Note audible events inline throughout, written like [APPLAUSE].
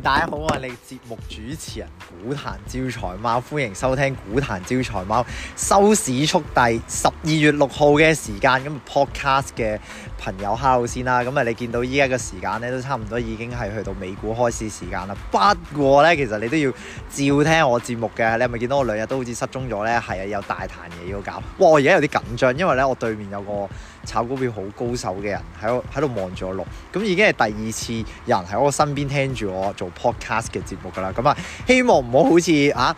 大家好，我係你節目主持人股壇招財貓，歡迎收聽股壇招財貓收市速遞。十二月六號嘅時間，咁 podcast 嘅朋友 hello 先啦，咁啊你見到依家嘅時間咧都差唔多已經係去到美股開市時間啦，不過咧其實你都要照聽我節目嘅，你係咪見到我兩日都好似失蹤咗咧？係啊，有大壇嘢要搞，哇！我而家有啲緊張，因為咧我對面有個。炒股票好高手嘅人喺度喺度望住我錄，咁已經係第二次有人喺我身邊聽住我做 podcast 嘅節目噶啦，咁、嗯、啊希望唔好好似啊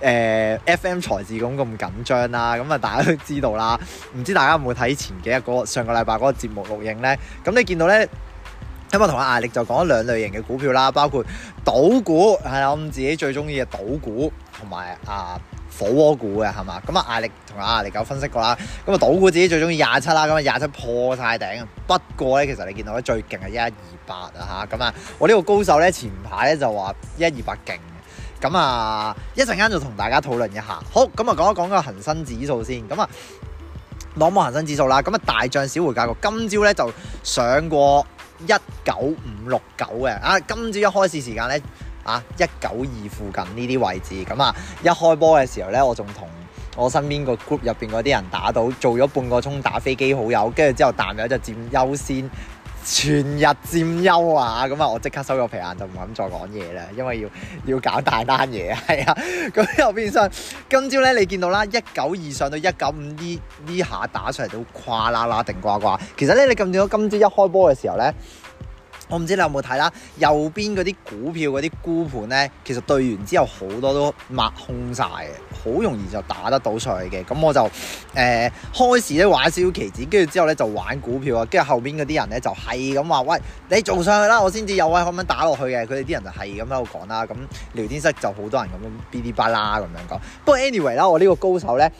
誒、呃、FM 財智咁咁緊張啦，咁、嗯、啊大家都知道啦，唔知大家有冇睇前幾日嗰、那個、上個禮拜嗰個節目錄影呢？咁、嗯、你見到呢，今日同阿艾力就講咗兩類型嘅股票啦，包括賭股係我唔自己最中意嘅賭股，同埋啊。火鍋股嘅係嘛？咁啊，艾力同阿艾力狗分析過啦。咁啊，賭股自己最中意廿七啦。咁啊，廿七破曬頂。不過咧，其實你見到咧最勁係一一二八啊吓，咁啊，我呢個高手咧前排咧就話一一二八勁。咁啊，一陣間就同大家討論一下。好，咁啊，講一講一個恒生指數先。咁啊，攞冇恒生指數啦。咁啊，大漲小回價格局。今朝咧就上過一九五六九嘅。啊，今朝一開始時間咧。啊！一九二附近呢啲位置，咁啊，一開波嘅時候呢，我仲同我身邊個 group 入邊嗰啲人打到，做咗半個鐘打飛機好友，跟住之後彈咗只佔優先全日佔優啊！咁啊，我即刻收咗皮眼，就唔敢再講嘢啦，因為要要搞大單嘢，係啊！咁又變相今朝呢，你見到啦，一九二上到一九五呢呢下打出嚟都垮啦啦定呱呱。其實呢，你見到今朝一開波嘅時候呢。我唔知你有冇睇啦，右邊嗰啲股票嗰啲沽盤咧，其實對完之後好多都抹空晒嘅，好容易就打得到出去嘅。咁我就誒開始咧玩小少棋子，跟住之後咧就玩股票啊。跟住後邊嗰啲人咧就係咁話，喂，你做上去啦，我先至有位可唔可以打落去嘅？佢哋啲人就係咁喺度講啦。咁聊天室就好多人咁樣嗶哩吧啦咁樣講。不過 anyway 啦，我呢個高手咧。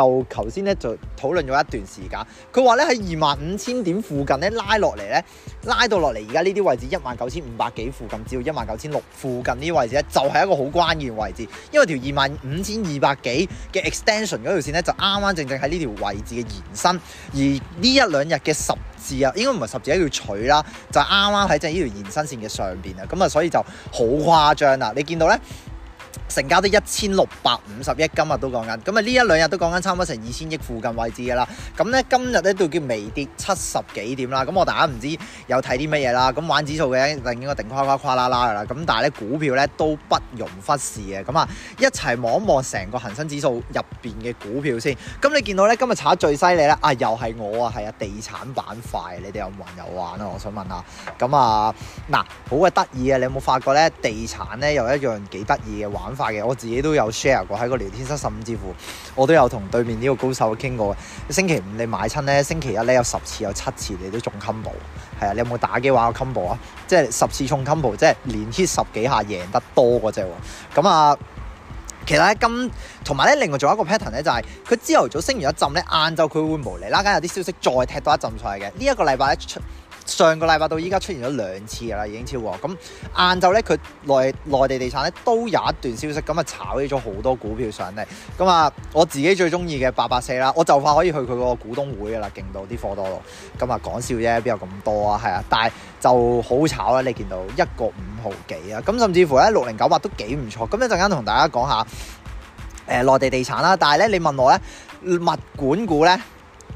就頭先咧就討論咗一段時間，佢話咧喺二萬五千點附近咧拉落嚟咧，拉到落嚟而家呢啲位置一萬九千五百幾附近，只要一萬九千六附近呢啲位置咧，就係一個好關鍵位置，因為條二萬五千二百幾嘅 extension 嗰條線咧就啱啱正正喺呢條位置嘅延伸，而呢一兩日嘅十字啊，應該唔係十字，而係叫取啦，就啱啱喺正呢條延伸線嘅上邊啊，咁啊所以就好誇張啦，你見到咧？成交都一千六百五十億，今日都講緊，咁啊呢一兩日都講緊差唔多成二千億附近位置嘅啦。咁呢今日呢，都叫微跌七十幾點啦。咁我大家唔知有睇啲乜嘢啦。咁玩指數嘅一定應該定誇誇誇啦啦嘅啦。咁但係呢，股票呢都不容忽視嘅。咁啊一齊望一望成個恒生指數入邊嘅股票先。咁你見到呢，今日炒得最犀利咧啊，又係我啊，係啊地產板塊，你哋有冇人有玩啊？我想問下。咁啊嗱，好鬼得意啊！你有冇發覺呢？地產呢有一樣幾得意嘅玩法？嘅我自己都有 share 過喺個聊天室，甚至乎我都有同對面呢個高手傾過。星期五你買親呢，星期一呢有十次有七次你都中 combo，係啊，你有冇打機玩過 combo 啊？即係十次中 combo，即係連 hit 十幾下贏得多嘅啫喎。咁啊，其實呢今同埋呢，另外仲有一個 pattern 呢，就係佢朝頭早升完一陣呢，晏晝佢會無理拉緊，有啲消息再踢多一陣出嚟嘅。這個、呢一個禮拜一出。上個禮拜到依家出現咗兩次噶啦，已經超過咁。晏晝咧，佢內內地地產咧都有一段消息，咁啊炒起咗好多股票上嚟。咁啊，我自己最中意嘅八八四啦，我就快可以去佢個股東會噶啦，勁到啲貨多咯。咁啊，講笑啫，邊有咁多啊？係啊，但係就好炒啦。你見到一個五毫幾啊？咁甚至乎咧六零九八都幾唔錯。咁一陣間同大家講下誒、呃、內地地產啦。但係咧，你問我咧物管股咧？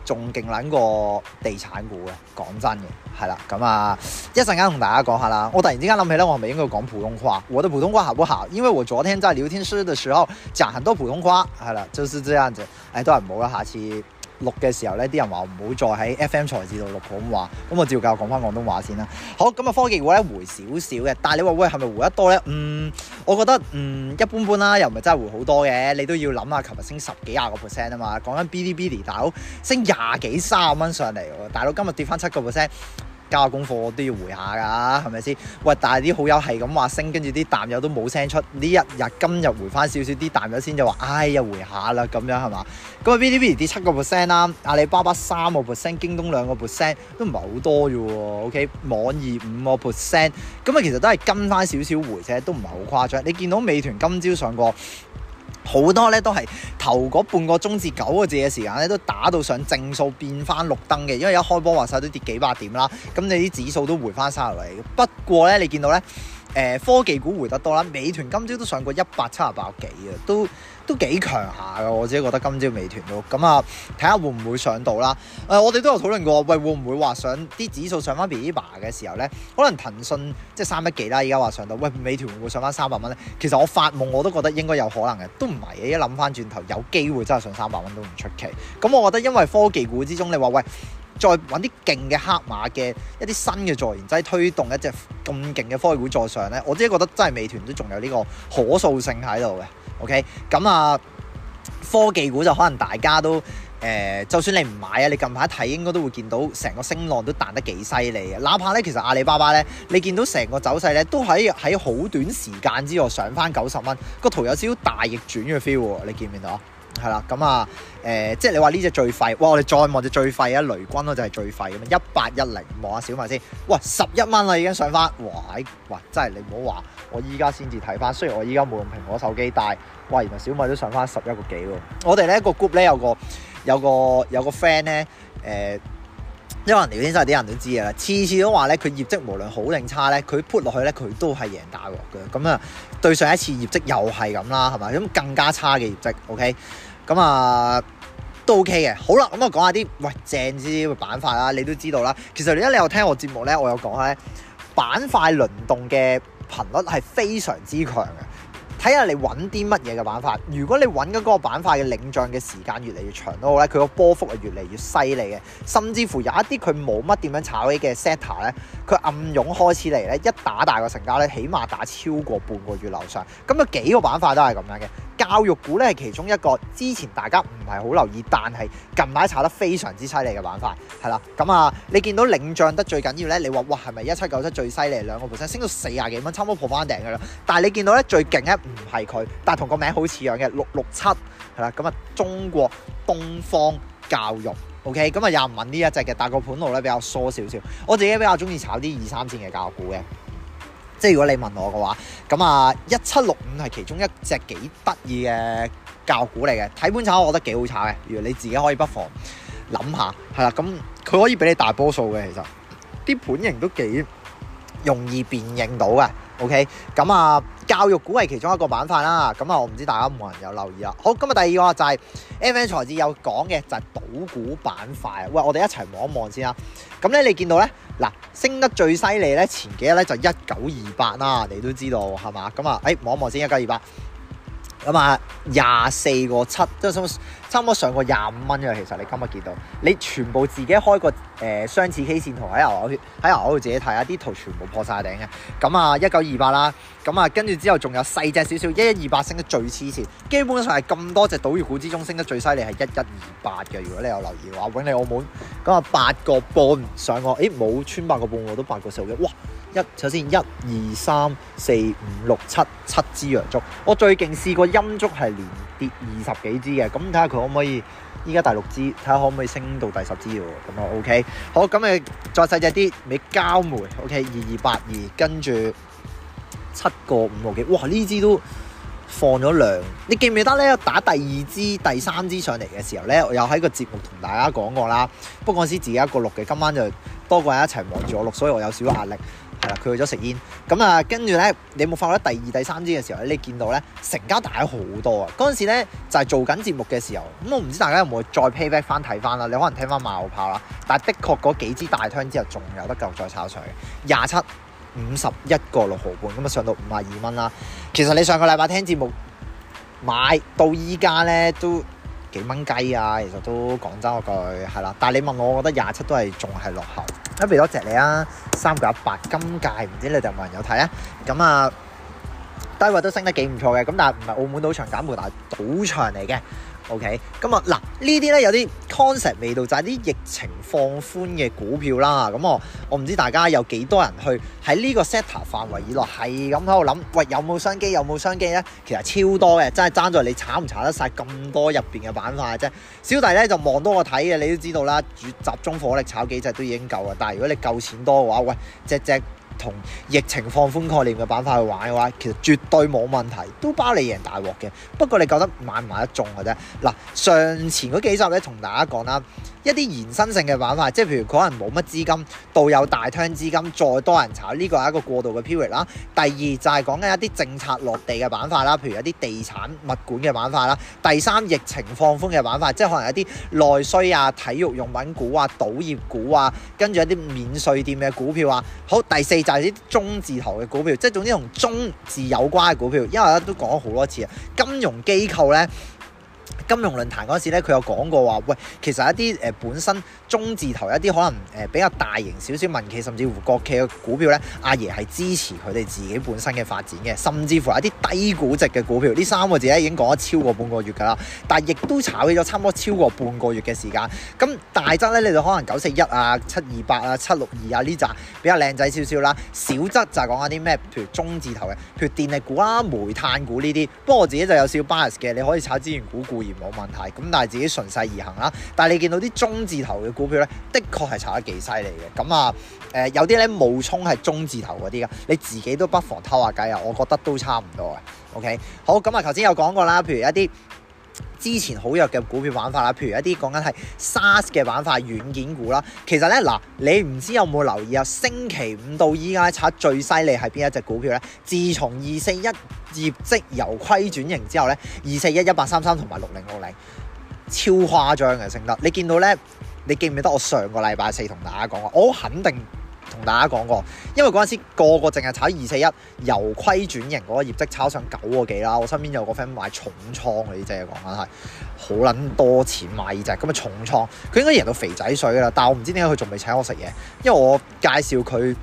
仲勁撚過地產股嘅，講真嘅，係啦。咁啊，一陣間同大家講下啦。我突然之間諗起咧，我係咪應該講普通話？我嘅普通話好不好？因為我昨天在聊天室嘅時候，講很多普通話，係啦，就是這樣子。唉，都係唔好啦，下次。錄嘅時候咧，啲人話唔好再喺 FM 財智度錄，咁話咁我照舊講翻廣東話先啦。好，咁啊，科技股咧回少少嘅，但係你話喂係咪回得多咧？嗯，我覺得嗯一般般啦，又唔係真係回好多嘅。你都要諗下，琴日升十幾廿個 percent 啊嘛，講緊 Bilibili 大佬升廿幾三十蚊上嚟喎，大佬今日跌翻七個 percent。交下功課我都要回下噶，係咪先？喂，但係啲好友係咁話升，跟住啲淡友都冇聲出。呢一日今日回翻少少，啲淡友先就話，唉、哎、又回下啦咁樣係嘛？咁啊嗶哩嗶哩跌七個 percent 啦，阿里巴巴三個 percent，京東兩個 percent 都唔係好多啫喎。OK，網易五個 percent，咁啊其實都係跟翻少少回啫，都唔係好誇張。你見到美團今朝上過？好多咧都係頭嗰半個鐘至九個字嘅時間咧，都打到上正數變翻綠燈嘅，因為一開波話晒都跌幾百點啦，咁你啲指數都回翻曬落嚟。不過咧，你見到咧、呃，科技股回得多啦，美團今朝都上過一百七十八幾啊，都。都幾強下㗎，我自己覺得今朝美團都咁啊，睇下會唔會上到啦？誒、呃，我哋都有討論過，喂，會唔會話上啲指數上翻 Biba 嘅時候呢？可能騰訊即係三一幾啦，而家話上到，喂，美團會唔會上翻三百蚊呢？其實我發夢我都覺得應該有可能嘅，都唔係嘅。一諗翻轉頭有機會真係上三百蚊都唔出奇。咁、嗯、我覺得因為科技股之中，你話喂，再揾啲勁嘅黑馬嘅一啲新嘅助燃劑推動一隻咁勁嘅科技股再上呢。我自己覺得真係美團都仲有呢個可塑性喺度嘅。OK，咁啊科技股就可能大家都誒、呃，就算你唔買啊，你近排睇應該都會見到成個升浪都彈得幾犀利啊！哪怕咧，其實阿里巴巴咧，你見到成個走勢咧，都喺喺好短時間之內上翻九十蚊，個圖有少少大逆轉嘅 feel 喎，你見唔見到啊？係啦，咁啊誒，即係你話呢隻最快最廢哇！我哋再望隻最廢啊，雷軍咯就係最廢咁啊，一八一零望下小米先，哇十一蚊啦已經上翻哇！哇，真係你唔好話。我依家先至睇翻，雖然我依家冇用蘋果手機，但係喂，原來小米都上翻十一個幾喎。我哋呢、這個 group 咧有個有個有個 friend 咧，誒、呃，因為聊天室啲人都知嘅啦，次次都話咧佢業績無論好定差咧，佢 put 落去咧佢都係贏大鑊嘅。咁啊，對上一次業績又係咁啦，係咪？咁更加差嘅業績，OK，咁啊、呃、都 OK 嘅。好啦，咁我講下啲喂正啲嘅板塊啦，你都知道啦。其實因為你有聽我節目咧，我有講下咧板塊輪動嘅。頻率係非常之強嘅，睇下你揾啲乜嘢嘅板塊。如果你揾緊嗰個板塊嘅領漲嘅時間越嚟越長都好咧，佢個波幅係越嚟越犀利嘅。甚至乎有一啲佢冇乜點樣炒起嘅 set 咧，佢暗湧開始嚟咧，一打大個成交咧，起碼打超過半個月樓上。咁啊，幾個板塊都係咁樣嘅。教育股咧係其中一個，之前大家唔係好留意，但係近排炒得非常之犀利嘅板塊，係啦。咁、嗯、啊，你見到領漲得最緊要咧，你話哇係咪一七九七最犀利？兩個 percent 升到四廿幾蚊，差唔多破翻頂噶啦。但係你見到咧最勁咧唔係佢，但係同個名好似樣嘅六六七，係啦。咁、嗯、啊，中國東方教育，OK，咁啊廿五呢一隻嘅，但係個盤路咧比較疏少少。我自己比較中意炒啲二三線嘅教育股嘅。即係如果你問我嘅話，咁啊一七六五係其中一隻幾得意嘅教股嚟嘅，睇盤炒我覺得幾好炒嘅，如果你自己可以不妨諗下，係啦，咁佢可以俾你大波數嘅，其實啲盤型都幾容易辨認到嘅，OK？咁啊教育股係其中一個板塊啦，咁啊我唔知大家冇人有留意啦。好，咁啊，第二個就係 M N 財智有講嘅就係賭股板塊，喂，我哋一齊望一望先啊。咁咧你見到咧？嗱，升得最犀利咧，前幾日咧就一九二八啦，你都知道係嘛？咁啊，誒、嗯，望一望先一九二八，咁啊，廿四個七，都什差唔多上過廿五蚊嘅，其實你今日見到，你全部自己開個誒、呃、相似 K 線圖喺牛牛喺牛牛度自己睇啊，啲圖全部破晒頂嘅。咁啊，一九二八啦，咁啊，跟住之後仲有細隻少少，一一二八升得最黐線，基本上係咁多隻濠賭股之中升得最犀利係一一二八嘅。如果你有留意嘅話，永利澳門，咁啊八個半上、欸、個，誒冇穿八個半我都八個四嘅，哇！一首先一二三四五六七七支陽燭，我最勁試過陰燭係連跌二十幾支嘅，咁睇下佢可唔可以依家第六支，睇下可唔可以升到第十支喎，咁啊 OK，好咁你再細隻啲美高梅，OK 二二八二，跟住七個五毫幾，哇呢支都放咗量，你記唔記得呢？打第二支第三支上嚟嘅時候呢，我有喺個節目同大家講過啦，不過先自己一個錄嘅，今晚就多個人一齊望住我錄，所以我有少少壓力。佢去咗食煙，咁、嗯、啊，跟住咧，你有冇發覺第二、第三支嘅時候咧，你見到咧成交大好多啊！嗰陣時咧就係、是、做緊節目嘅時候，咁我唔知大家有冇再 pay back 翻睇翻啦？你可能聽翻冒炮啦，但係的確嗰幾支大 t 之後仲有得夠再炒上廿七五十一個六毫半，咁啊上到五啊二蚊啦。其實你上個禮拜聽節目買到依家咧都，幾蚊雞啊，其實都講真嗰句係啦，但係你問我，我覺得廿七都係仲係落後。咁俾多隻你啊，三九一八，8，金界唔知你哋有冇人有睇啊？咁啊，低位都升得幾唔錯嘅，咁但係唔係澳門賭場減半，係賭，賭場嚟嘅。O K，咁啊嗱，okay，呢啲呢有啲 concept 味道就係、是、啲疫情放寬嘅股票啦。咁、嗯、我我唔知大家有幾多人去喺呢個 sector 範圍以內係咁喺度諗，喂有冇商機有冇商機呢？其實超多嘅，真係爭在你炒唔炒得晒咁多入邊嘅板塊啫。小弟呢就望多我睇嘅，你都知道啦。主集中火力炒幾隻都已經夠啦。但係如果你夠錢多嘅話，喂，隻隻。同疫情放寬概念嘅板塊去玩嘅話，其實絕對冇問題，都包你贏大鑊嘅。不過你覺得買唔買得中嘅、啊、啫？嗱，上前嗰幾集咧，同大家講啦。一啲延伸性嘅板塊，即係譬如可能冇乜資金，到有大廳資金，再多人炒，呢、這個係一個過渡嘅 period 啦。第二就係講緊一啲政策落地嘅板塊啦，譬如一啲地產物管嘅板塊啦。第三疫情放寬嘅板塊，即係可能一啲內需啊、體育用品股啊、賭業股啊，跟住一啲免稅店嘅股票啊。好，第四就係啲中字頭嘅股票，即係總之同中字有關嘅股票，因為咧都講咗好多次啊，金融機構呢。金融論壇嗰陣時咧，佢有講過話，喂，其實一啲誒、呃、本身中字頭一啲可能誒、呃、比較大型少少民企，甚至乎國企嘅股票咧，阿爺係支持佢哋自己本身嘅發展嘅，甚至乎一啲低估值嘅股票，呢三個字咧已經講咗超過半個月噶啦，但係亦都炒起咗差唔多超過半個月嘅時間。咁大則咧，你就可能九四一啊、七二八啊、七六二啊呢紮比較靚仔少少啦。小則就係講下啲咩，譬如中字頭嘅，譬如電力股啦、煤炭股呢啲。不過我自己就有少 bias 嘅，你可以炒資源股，股、固冇問題，咁但係自己順勢而行啦。但係你見到啲中字頭嘅股票呢，的確係炒得幾犀利嘅。咁啊，誒有啲呢，冒充係中字頭嗰啲嘅，你自己都不妨偷下雞啊。我覺得都差唔多嘅。OK，好咁啊，頭先有講過啦，譬如一啲之前好弱嘅股票玩法啦，譬如一啲講緊係 SaaS 嘅玩法、軟件股啦。其實呢，嗱，你唔知有冇留意啊？星期五到依家，炒最犀利係邊一隻股票呢？自從二四一業績由虧轉型之後呢，二四一一八三三同埋六零六零超誇張嘅升得。你見到呢？你記唔記得我上個禮拜四同大家講啊？我好肯定。同大家講過，因為嗰陣時個個淨係炒二四一由虧轉型嗰個業績炒上九個幾啦。我身邊有個 friend 買重倉嗰啲隻，講緊係好撚多錢買呢隻，咁啊重倉佢應該贏到肥仔水㗎啦。但係我唔知點解佢仲未請我食嘢，因為我介紹佢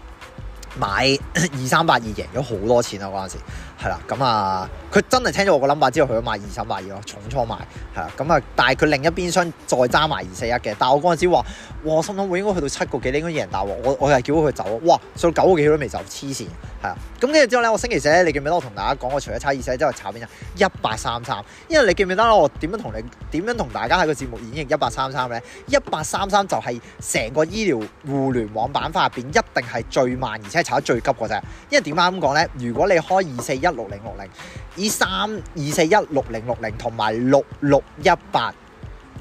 買二三八二贏咗好多錢啊！嗰陣時。係啦，咁啊，佢真係聽咗我個諗法之後，佢都買二三八二咯，重倉買，係啦，咁啊，但係佢另一邊箱再揸埋二四一嘅，但係我嗰陣時話，哇，我心諗會應該去到七個幾，應該贏大鑊，我我又叫佢走，哇，去到九個幾佢都未走，黐線，係啊，咁跟住之後咧，我星期四咧，你記唔記得我同大家講，我除咗炒二四一之外，炒邊隻？一八三三，因為你記唔記得我點樣同你點樣同大家喺個節目演繹一八三三咧？一八三三就係成個醫療互聯網板塊入邊一定係最慢，而且係炒得最急嘅啫。因為點解咁講咧？如果你開二四一六零六零，依三二四一六零六零、同埋六六一八，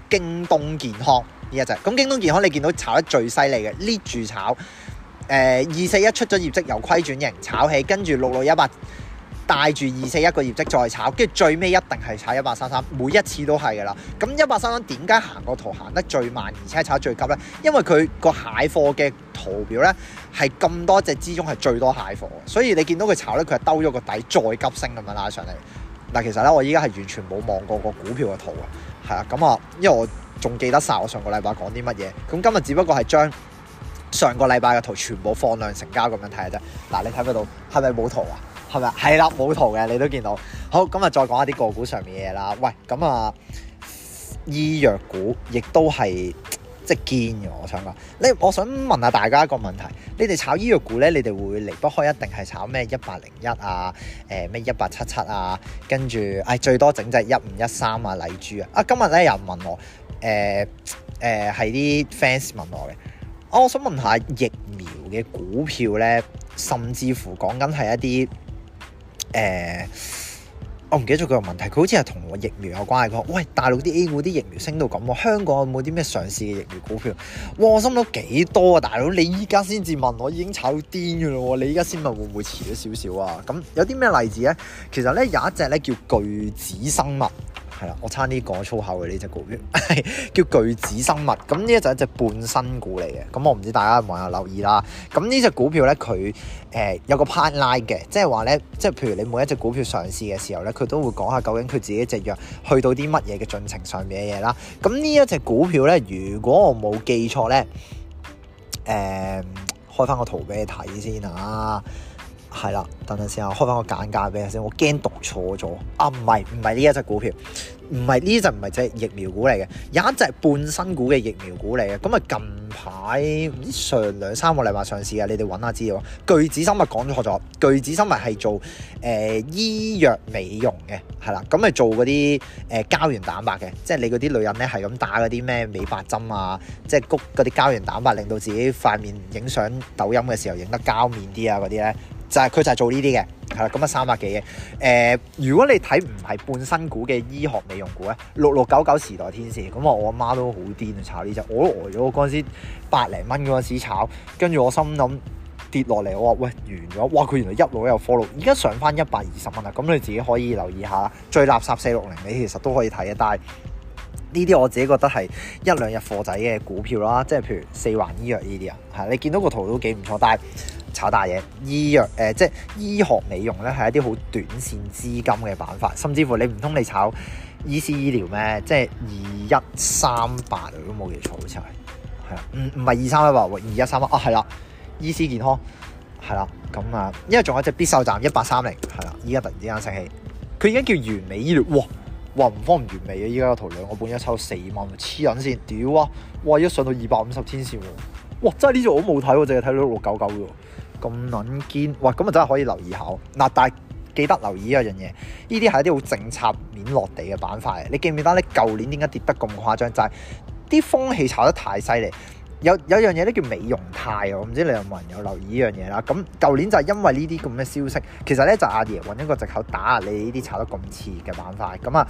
京東健康呢一隻，咁京東健康你見到炒得最犀利嘅，呢住炒，誒，二四一出咗業績由虧轉盈炒起，跟住六六一八。帶住二四一個業績再炒，跟住最尾一定係炒一百三三，每一次都係噶啦。咁一百三三點解行個圖行得最慢，而且炒得最急呢？因為佢個蟹貨嘅圖表呢，係咁多隻之中係最多蟹貨，所以你見到佢炒呢，佢係兜咗個底再急升咁樣拉上嚟。嗱，其實呢，我依家係完全冇望過個股票嘅圖啊，係啊，咁啊，因為我仲記得晒我上個禮拜講啲乜嘢，咁今日只不過係將上個禮拜嘅圖全部放量成交咁樣睇下啫。嗱，你睇嗰度係咪冇圖啊？係咪？係啦，冇圖嘅，你都見到。好，咁啊，再講一啲個股上面嘢啦。喂，咁啊，醫藥股亦都係即係堅嘅，我想講。你，我想問下大家一個問題：你哋炒醫藥股咧，你哋會離不開一定係炒咩？一百零一啊，誒咩一百七七啊，跟住唉，最多整隻一五一三啊，麗珠啊。啊，今日咧又問我，誒誒係啲 fans 問我嘅。啊，我想問下疫苗嘅股票咧，甚至乎講緊係一啲。誒，uh, 我唔記得咗佢個問題，佢好似係同疫苗有關嘅。喂，大陸啲 A 股啲疫苗升到咁，香港有冇啲咩上市嘅疫苗股票？哇，我諗到幾多啊！大佬，你依家先至問我，已經炒到癲嘅啦！你依家先問會唔會遲咗少少啊？咁有啲咩例子咧？其實咧有一隻咧叫巨子生物。係啦，我差啲講粗口嘅呢隻股票， [LAUGHS] 叫巨子生物。咁呢一隻就一隻半新股嚟嘅。咁我唔知大家有冇留意啦。咁呢隻股票咧，佢誒、呃、有個 part line 嘅，即係話咧，即係譬如你每一隻股票上市嘅時候咧，佢都會講下究竟佢自己隻藥去到啲乜嘢嘅進程上面嘅嘢啦。咁呢一隻股票咧，如果我冇記錯咧，誒、呃，開翻個圖俾你睇先啊。係啦，等陣先我我啊，開翻個簡介俾你先。我驚讀錯咗啊，唔係唔係呢一隻股票，唔係呢隻唔係即疫苗股嚟嘅，有一隻半新股嘅疫苗股嚟嘅。咁啊，近排上兩三個禮拜上市嘅，你哋揾下資料。巨子生物講錯咗，巨子生物係做誒、呃、醫藥美容嘅，係啦，咁啊做嗰啲誒膠原蛋白嘅，即係你嗰啲女人咧係咁打嗰啲咩美白針啊，即係谷嗰啲膠原蛋白令到自己塊面影相，抖音嘅時候影得膠面啲啊嗰啲咧。就係、是、佢就係做呢啲嘅，係、嗯、啦，咁啊三百幾嘅。誒、呃，如果你睇唔係半新股嘅醫學美容股咧，六六九九時代天使，咁我阿媽都好癲啊，炒呢、這、隻、個，我都呆咗。嗰陣時百零蚊嗰陣時炒，跟住我心諗跌落嚟，我話喂完咗，哇！佢原來一路有 follow，而家上翻一百二十蚊啦。咁你自己可以留意下，最垃圾四六零，你其實都可以睇嘅。但係呢啲我自己覺得係一兩日貨仔嘅股票啦，即係譬如四環醫藥呢啲啊，係你見到個圖都幾唔錯，但係。炒大嘢，醫藥誒、呃，即係醫學美容咧，係一啲好短線資金嘅辦法，甚至乎你唔通你炒醫師醫療咩？即係二一三八嚟都冇嘅，炒齊係啊？唔唔係二三一八，二一三八啊，係啦，醫師健康係啦，咁啊，因為仲有一隻必瘦站一八三零係啦，依家突然之間升起，佢而家叫完美醫療，哇哇唔慌唔完美啊！依家我投兩個半一抽四蚊，黐人線，屌啊！哇，依家上到二百五十天線喎，哇！真係呢組我冇睇喎，淨係睇六六九九嘅。咁撚堅，哇！咁啊真係可以留意下。嗱，但係記得留意樣一樣嘢，呢啲係一啲好政策面落地嘅板塊。你記唔記得咧？舊年點解跌得咁誇張？就係、是、啲風氣炒得太犀利。有有樣嘢咧叫美容肽啊！我唔知你有冇人有留意依樣嘢啦。咁舊年就係因為呢啲咁嘅消息，其實咧就阿、是、爺揾一個藉口打壓你呢啲炒得咁次嘅板塊。咁啊，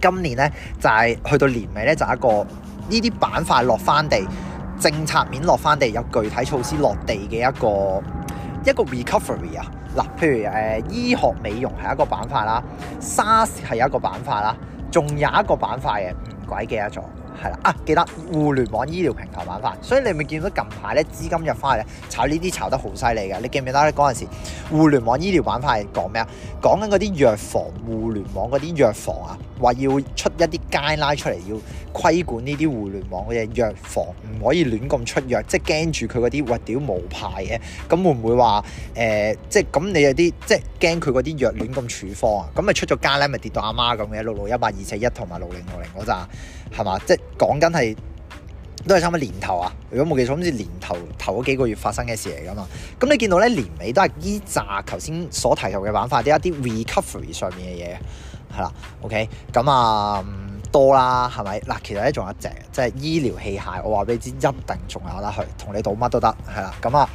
今年咧就係、是、去到年尾咧就係、是、一個呢啲板塊落翻地。政策面落翻地，有具體措施落地嘅，一個一個 recovery 啊！嗱，譬如誒醫學美容係一個板塊啦，SARS 係一個板塊啦，仲有一個板塊嘅，唔鬼記得咗。係啦，啊，記得互聯網醫療平台板塊，所以你咪見到近排咧資金入翻嚟炒呢啲炒得好犀利嘅。你記唔記得咧嗰陣時互聯網醫療板塊係講咩啊？講緊嗰啲藥房互聯網嗰啲藥房啊，話要出一啲街拉出嚟，要規管呢啲互聯網嘅藥房，唔可以亂咁出藥，即係驚住佢嗰啲話屌無牌嘅。咁會唔會話誒、呃，即係咁你有啲即係驚佢嗰啲藥亂咁處方啊？咁咪出咗街咧，咪跌到阿媽咁嘅六六一八二四一同埋六零六零嗰扎。係嘛？即係講緊係都係差唔多年頭啊！如果冇記錯，好似年頭頭嗰幾個月發生嘅事嚟噶嘛？咁你見到咧年尾都係依扎頭先所提及嘅玩法啲一啲 recovery 上面嘅嘢，係啦。OK，咁啊。嗯多啦，係咪？嗱，其實咧仲有一隻，即係醫療器械。我話俾你知，一定仲有得去，同你賭乜都得，係啦。咁啊，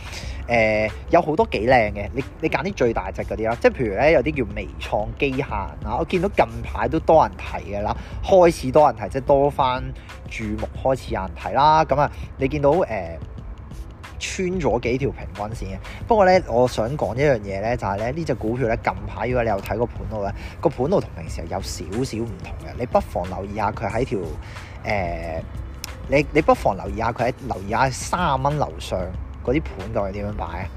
誒、呃、有好多幾靚嘅，你你揀啲最大隻嗰啲啦。即係譬如咧，有啲叫微創機械啊，我見到近排都多人睇嘅啦，開始多人睇，即係多翻注目，開始有人睇啦。咁啊，你見到誒？呃穿咗幾條平均線嘅，不過咧，我想講一樣嘢咧，就係、是、咧呢隻股票咧近排如果你有睇個盤路咧，個盤路同平時有少少唔同嘅，你不妨留意下佢喺條誒、呃，你你不妨留意下佢喺留意下三十蚊樓上嗰啲盤度係點樣擺啊，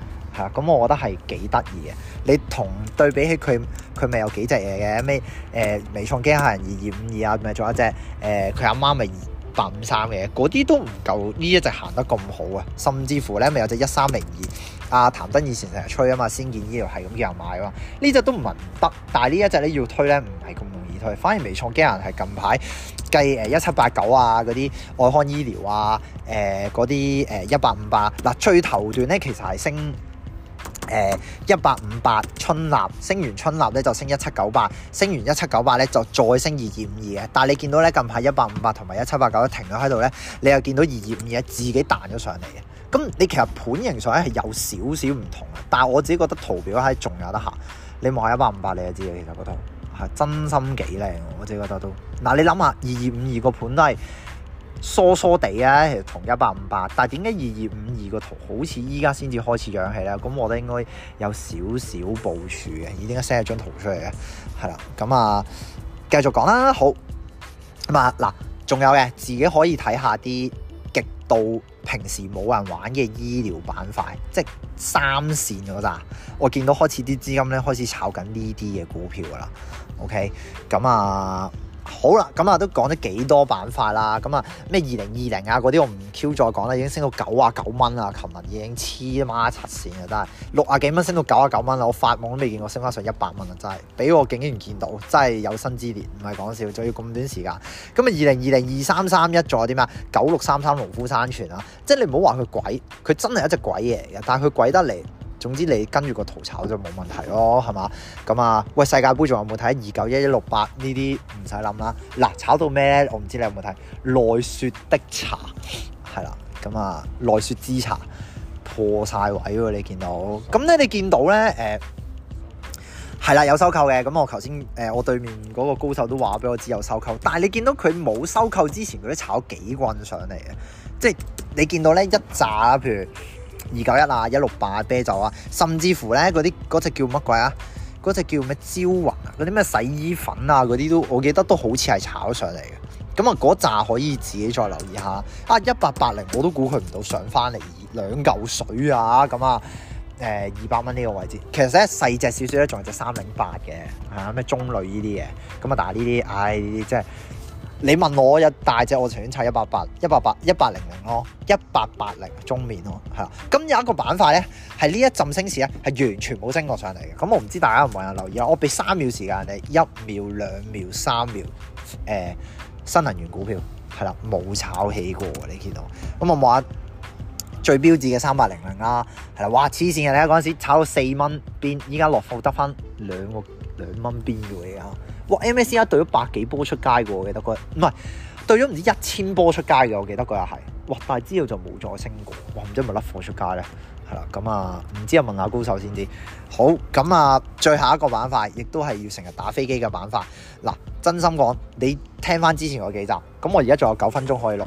係咁我覺得係幾得意嘅。你同對比起佢，佢咪有幾隻嘢嘅咩？誒，微、呃、創機械人二二五二啊，咪仲有一隻誒，佢、呃、阿媽咪、就是。八五三嘅，嗰啲都唔夠呢一隻行得咁好啊，甚至乎咧咪有隻一三零二啊，譚登以前成日吹啊嘛，先健醫療係咁叫人買喎，呢隻都唔係唔得，但係呢一隻咧要推咧唔係咁容易推，反而微創機器人係近排計，誒一七八九啊，嗰啲愛康醫療啊，誒嗰啲誒一八五八嗱，最頭段咧其實係升。誒，一八五八，春立升完春立咧就升一七九八，升完一七九八咧就再升二二五二嘅。但係你見到咧，近排一八五八同埋一七八九停咗喺度咧，你又見到二二五二自己彈咗上嚟嘅。咁你其實盤形上係有少少唔同啊，但係我自己覺得圖表係仲有得行。你望下一八五八你就知啦，其實個圖係真心幾靚，我自己覺得都嗱。你諗下二二五二個盤都係。疏疏地啊，同一百五八，但係點解二二五二個圖好似依家先至開始揚起咧？咁我覺得應該有少少部署嘅，而點解 send 一張圖出嚟嘅？係啦，咁啊，繼續講啦，好，咁啊，嗱，仲有嘅，自己可以睇下啲極度平時冇人玩嘅醫療板塊，即係三線嗰笪，我見到開始啲資金咧開始炒緊呢啲嘅股票㗎啦。OK，咁啊。好啦，咁啊都講咗幾多板塊啦，咁啊咩二零二零啊嗰啲我唔 q 再講啦，已經升到九啊九蚊啦，琴日已經黐孖七線啊，但係六啊幾蚊升到九啊九蚊啦，我發夢都未見過升翻上一百蚊啊，真係俾我竟然見到，真係有生之年唔係講笑，仲要咁短時間。咁啊二零二零二三三一再點啊九六三三農夫山泉啊，即係你唔好話佢鬼，佢真係一隻鬼嘢嚟嘅，但係佢鬼得嚟。總之你跟住個圖炒就冇問題咯，係嘛？咁啊，喂，世界盃仲有冇睇？二九一一六八呢啲唔使諗啦。嗱，炒到咩咧？我唔知你有冇睇《奈雪的茶》係啦，咁啊，《奈雪之茶》破晒位喎，你見到？咁咧、嗯，你見到咧？誒、呃，係啦，有收購嘅。咁我頭先誒，我對面嗰個高手都話俾我知有收購，但係你見到佢冇收購之前佢都炒咗幾棍上嚟嘅，即係你見到咧一扎，譬如。二九一啊，一六八啤酒啊，甚至乎咧嗰啲，嗰隻叫乜鬼啊？嗰隻叫咩招魂啊？嗰啲咩洗衣粉啊？嗰啲都我記得都好似係炒上嚟嘅。咁啊，嗰扎可以自己再留意下。啊，一八八零我都估佢唔到上翻嚟，兩嚿水啊咁啊。誒，二百蚊呢個位置，其實咧細隻少少咧，仲係隻三零八嘅嚇，咩棕櫚呢啲嘢。咁啊，但係呢啲，唉、哎，呢啲真係。你問我有大隻，我情願炒一百八、一百八、一百零零咯，一百八零中面咯，係啦。咁有一個板塊咧，係呢一浸升市咧，係完全冇升過上嚟嘅。咁我唔知大家唔咪有，有人留意啦。我俾三秒時間你，一秒、兩秒、三秒，誒、呃，新能源股票係啦，冇炒起過。你見到咁我望下最標誌嘅三百零零啦，係啦，哇黐線嘅，你嗰陣時炒到四蚊邊，依家落貨得翻兩個兩蚊邊嘅嘢啊！哇！MSCI 對咗百幾波出街嘅，我記得嗰日，唔係對咗唔知一千波出街嘅，我記得嗰日係。哇！但係之後就冇再升過。哇！唔知係咪甩貨出街咧？係啦，咁、嗯、啊，唔知啊問下高手先知。好，咁啊，最後一個板塊，亦都係要成日打飛機嘅板塊。嗱，真心講，你聽翻之前嗰幾集，咁我而家仲有九分鐘可以錄。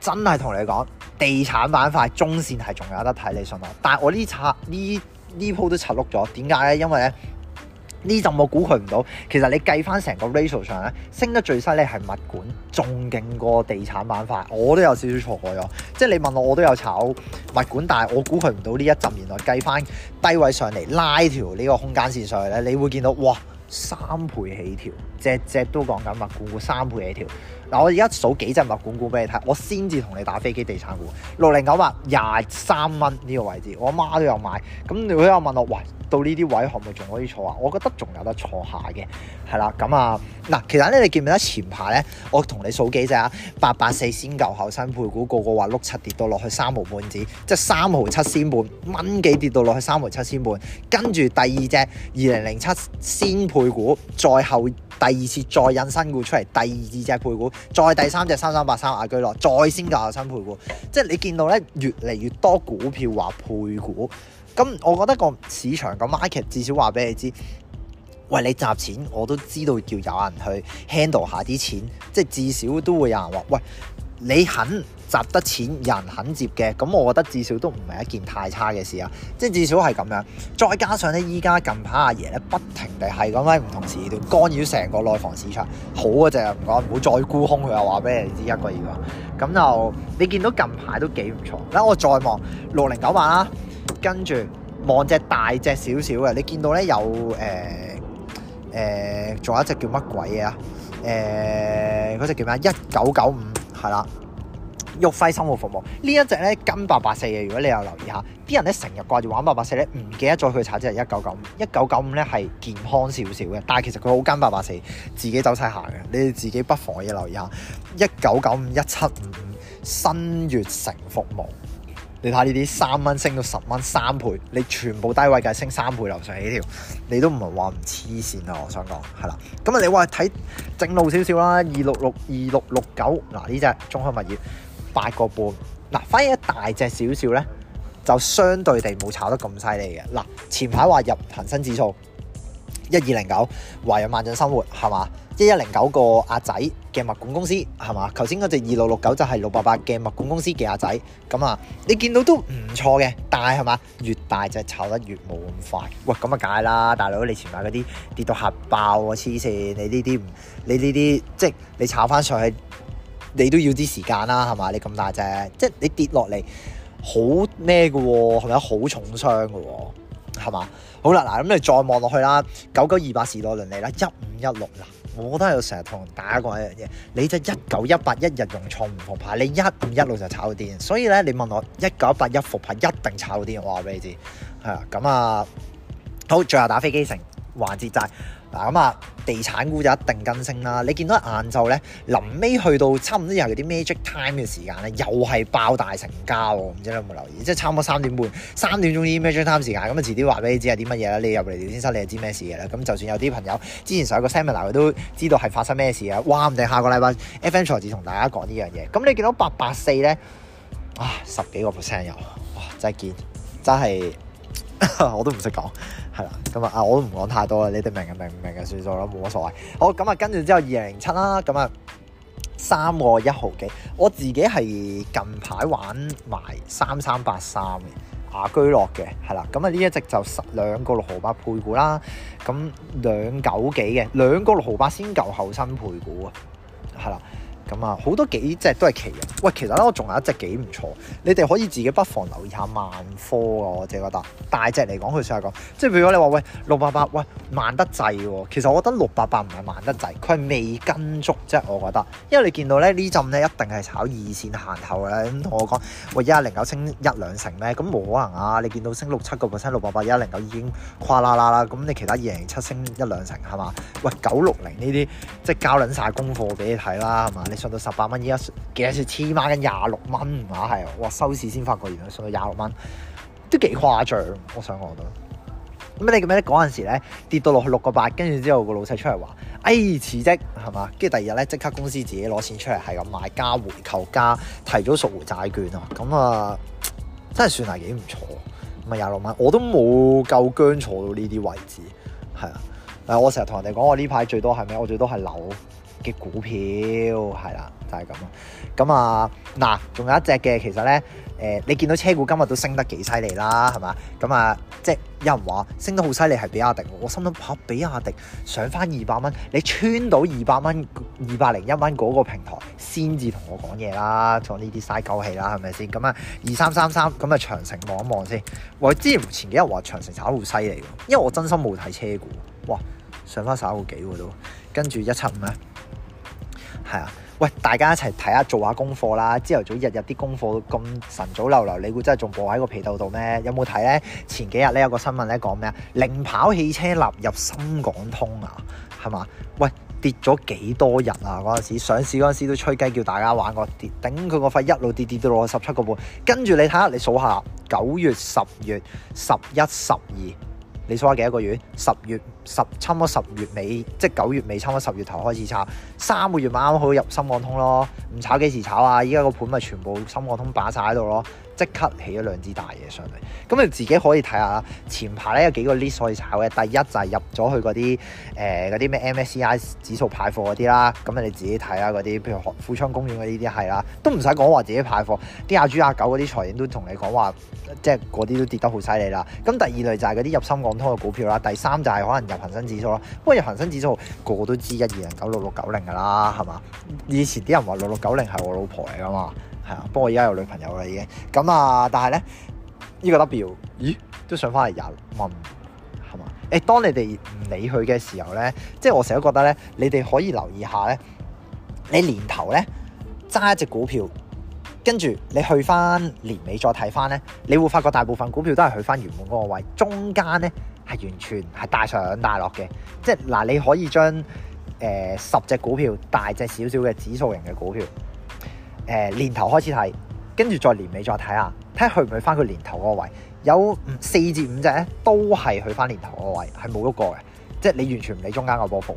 真係同你講，地產板塊中線係仲有得睇，你信我？但係我呢拆呢呢鋪都拆碌咗，點解咧？因為咧。呢浸我估佢唔到，其實你計返成個 ratio 上咧，升得最犀利係物管，仲勁過地產板塊。我都有少少錯過咗，即係你問我，我都有炒物管，但係我估佢唔到呢一浸。原來計返低位上嚟拉條呢個空間線上去咧，你會見到哇，三倍起跳，隻隻都講緊物管股三倍起跳。嗱，我而家數幾隻物管股俾你睇，我先至同你打飛機地產股六零九八廿三蚊呢個位置，我媽都有買。咁你會有問我，喂！」到呢啲位，可唔可以仲可以坐啊？我覺得仲有得坐下嘅，係啦。咁啊，嗱，其實咧，你見唔見得前排咧？我同你數幾隻啊？八八四先舊後新配股，個個話碌七跌到落去三毫半子，即係三毫七仙半蚊幾跌到落去三毫七仙半。跟住第二隻二零零七先配股，再後第二次再引新股出嚟，第二隻配股，再第三隻三三八三雅居樂，再先舊後新配股。即係你見到咧，越嚟越多股票話配股。咁，我覺得個市場個 market 至少話俾你知，喂，你集錢，我都知道叫有人去 handle 下啲錢，即係至少都會有人話，喂，你肯集得錢，有人肯接嘅，咁我覺得至少都唔係一件太差嘅事啊。即係至少係咁樣，再加上咧，依家近排阿爺咧不停地係咁喺唔同時段干擾成個內房市場，好嗰隻唔講，唔好再沽空佢啊！話俾你知一個二個咁就你見到近排都幾唔錯。咁我再望六零九萬啦。跟住望隻大隻少少嘅，你見到咧有誒誒，仲、呃呃、有一隻叫乜鬼啊？誒嗰隻叫咩？一九九五係啦，玉輝生活服務呢一隻咧跟八八四嘅，如果你有留意下，啲人咧成日掛住玩八八四咧，唔記得咗佢查，即係一九九五，一九九五咧係健康少少嘅，但係其實佢好跟八八四，自己走晒行嘅，你哋自己不妨嘅留意下，一九九五一七五新月城服務。你睇下呢啲三蚊升到十蚊三倍，你全部低位計升三倍流上起條，你都唔係話唔黐線啊！我想講係啦，咁啊你話睇正路少少啦，二六六二六六九嗱呢隻中海物業八個半嗱，反而一大隻少少咧就相對地冇炒得咁犀利嘅嗱，前排話入恆生指數。一二零九華潤萬象生活係嘛，一一零九個阿仔嘅物管公司係嘛，頭先嗰隻二六六九就係六八八嘅物管公司嘅阿仔，咁啊，你見到都唔錯嘅，但係係嘛，越大隻炒得越冇咁快，喂，咁啊，解啦，大佬你前排嗰啲跌到核爆啊，黐線，你呢啲唔，你呢啲即係你炒翻上去，你都要啲時間啦，係嘛，你咁大隻，即係你跌落嚟好咩噶，係咪好重傷噶，係嘛？好啦，嗱，咁你再望落去啦，九九二八時代鄰里啦，一五一六嗱，我都係要成日同大家講一樣嘢，你就一九一八一日用錯誤復牌，你一五一六就炒到癲，所以咧，你問我一九一八一復牌一定炒到癲，我話俾你知，係啊，咁啊，好，最後打飛機成。環節就係嗱咁啊，地產股就一定更升啦。你見到晏晝咧，臨尾去到差唔多又係嗰啲 magic time 嘅時間咧，又係爆大成交喎。唔知你有冇留意？即係差唔多三點半，三點鐘啲 magic time 時間，咁啊遲啲話俾你知係啲乜嘢啦。你入嚟聊天室，你就知咩事嘅啦。咁就算有啲朋友之前上過 seminar，佢都知道係發生咩事啊。哇！唔定下個禮拜 event u a l 至同大家講呢樣嘢。咁你見到八八四咧啊十幾個 percent 有哇！真係堅，真係 [LAUGHS] 我都唔識講。係啦，咁啊、嗯，我都唔講太多啦，你哋明嘅，明唔明嘅算數啦，冇乜所謂。好，咁啊，跟住之後二零七啦，咁啊三個一毫幾，我自己係近排玩埋三三八三嘅雅居樂嘅，係啦，咁啊呢一隻就十兩個六毫八配股啦，咁兩九幾嘅兩個六毫八先舊後新配股啊，係啦。咁啊，好、嗯、多幾隻都係奇人。喂，其實咧，我仲有一隻幾唔錯，你哋可以自己不妨留意下萬科啊。我自己覺得大隻嚟講，佢想係講，即係譬如你話喂六八八，喂萬得滯喎。其實我覺得六八八唔係萬得滯，佢係未跟足啫。我覺得，因為你見到咧呢陣咧一,一定係炒二線限後嘅咁同我講，喂一零九升一兩成咩？咁冇可能啊！你見到升六七個 percent，六八八一零九已經跨啦啦啦，咁你其他二零七升一兩成係嘛？喂九六零呢啲即係交撚晒功課俾你睇啦，係嘛？上到十八蚊，依家幾時黐孖筋廿六蚊，哇，係，哇，收市先發覺原來，上到廿六蚊，都幾誇張，我想我都。咁你咁樣嗰陣時咧跌到落去六個八，跟住之後個老細出嚟話哎辭職係嘛，跟住第二日咧即刻公司自己攞錢出嚟係咁買，加回購，加提早贖回債券啊，咁啊、呃、真係算係幾唔錯，咁啊廿六蚊我都冇夠薑坐到呢啲位置，係啊，但我成日同人哋講我呢排最多係咩？我最多係樓。嘅股票係啦，就係咁啦。咁、嗯、啊，嗱，仲有一隻嘅，其實咧，誒、呃，你見到車股今日都升得幾犀利啦，係嘛？咁、嗯、啊，即係有人話升得好犀利係比亞迪，我心諗，吓、啊，比亞迪上翻二百蚊，你穿到二百蚊、二百零一蚊嗰個平台先至同我講嘢啦，做呢啲嘥狗氣啦，係咪先？咁、嗯、啊，二三三三，咁啊，長城望一望先。我之前前幾日話長城炒得好犀利，因為我真心冇睇車股，哇！上翻十一個幾喎都，跟住一七五咧，係啊，喂，大家一齊睇下做下功課啦。朝頭早日日啲功課咁晨早流流，你估真係仲播喺個被竇度咩？有冇睇呢？前幾日呢，有個新聞呢講咩啊？零跑汽車納入深港通啊，係嘛？喂，跌咗幾多日啊？嗰陣時上市嗰陣時都吹雞叫大家玩個跌，頂佢個肺一路跌跌到攞十七個半。跟住你睇下，你數下，九月、十月、十一、十二。你數吓幾多個月？十月十，差唔多十月尾，即係九月尾差唔多十月頭開始炒，三個月啱啱好入深港通咯，唔炒幾時炒啊？依家個盤咪全部深港通擺晒喺度咯。即刻起咗兩支大嘢上嚟，咁你自己可以睇下啦。前排咧有幾個 list 可以炒嘅，第一就係入咗去嗰啲誒啲咩 MSCI 指數派貨嗰啲啦，咁你你自己睇下嗰啲譬如富昌公園嗰啲啲係啦，都唔使講話自己派貨。啲亞豬亞狗嗰啲財演都同你講話，即係嗰啲都跌得好犀利啦。咁第二類就係嗰啲入深港通嘅股票啦，第三就係可能入恒生指數啦。不過入恒生指數個個都知一二零九六六九零噶啦，係嘛？以前啲人話六六九零係我老婆嚟噶嘛？係啊，不過我依家有女朋友啦，已經咁啊，但係咧，呢、這個 W 咦都想翻嚟廿蚊係嘛？誒，當你哋唔理佢嘅時候咧，即係我成日都覺得咧，你哋可以留意下咧，你年頭咧揸一隻股票，跟住你去翻年尾再睇翻咧，你會發覺大部分股票都係去翻原本嗰個位，中間咧係完全係大上大落嘅，即係嗱你可以將誒十、呃、隻股票大隻少少嘅指數型嘅股票。誒，年頭開始睇，跟住再年尾再睇下，睇下去唔去翻佢年頭嗰個位？有四至五隻咧，都係去翻年頭嗰個位，係冇喐過嘅。即係你完全唔理中間個波幅，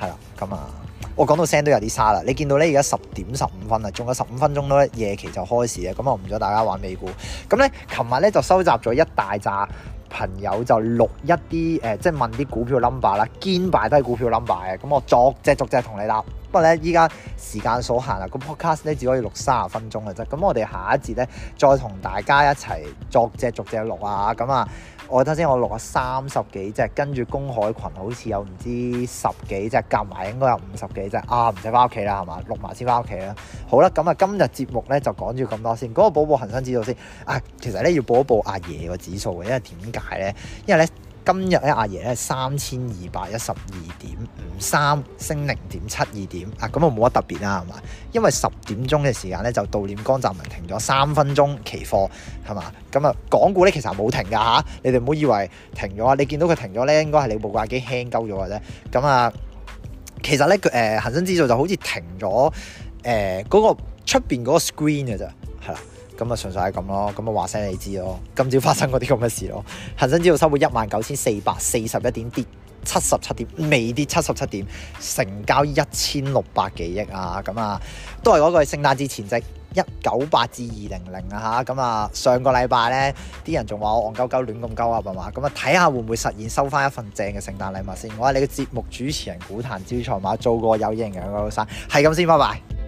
係啦。咁啊，我講到聲都有啲沙啦。你見到咧，而家十點十五分啦，仲有十五分鐘都咧，夜期就開始啦。咁我唔阻大家玩美股。咁咧，琴日咧就收集咗一大紮朋友，就錄一啲誒，即係問啲股票 number 啦，堅擺低股票 number 嘅。咁我逐隻逐隻同你答。不過咧，依家時間所限啦，個 podcast 咧只可以錄三十分鐘嘅啫。咁我哋下一節咧，再同大家一齊逐隻逐隻錄啊。咁啊，我頭先我錄咗三十幾隻，跟住公海群好似有唔知十幾隻，夾埋應該有五十幾隻啊。唔使翻屋企啦，係嘛？錄埋先翻屋企啦。好啦，咁啊，今日節目咧就講住咁多先。講下報報恆生指數先。啊，其實咧要報一報阿爺個指數嘅，因為點解咧？因為咧。今日咧，阿爺咧，三千二百一十二點五三，53, 升零點七二點，啊咁啊，冇乜特別啦，係嘛？因為十點鐘嘅時間咧就悼念江澤民停咗三分鐘期貨，係嘛？咁啊，港股咧其實冇停㗎嚇，你哋唔好以為停咗啊，你見到佢停咗咧，應該係你部掛機 hang 鳩咗嘅啫。咁啊，其實咧佢誒恆生指數就好似停咗誒嗰個出邊嗰個 screen 咋。咁啊，純粹係咁咯。咁啊，話聲你知咯。今朝發生過啲咁嘅事咯。恒生指數收報一萬九千四百四十一點跌，跌七十七點，未跌七十七點。成交一千六百幾億啊。咁啊，都係嗰句聖誕節前夕一九八至二零零啊吓，咁啊，上個禮拜呢啲人仲話我戇鳩鳩亂咁鳩啊嘛嘛。咁啊，睇下會唔會實現收翻一份正嘅聖誕禮物先。我係你嘅節目主持人股壇招財貓，做過有營養嘅老生，係咁先，拜拜。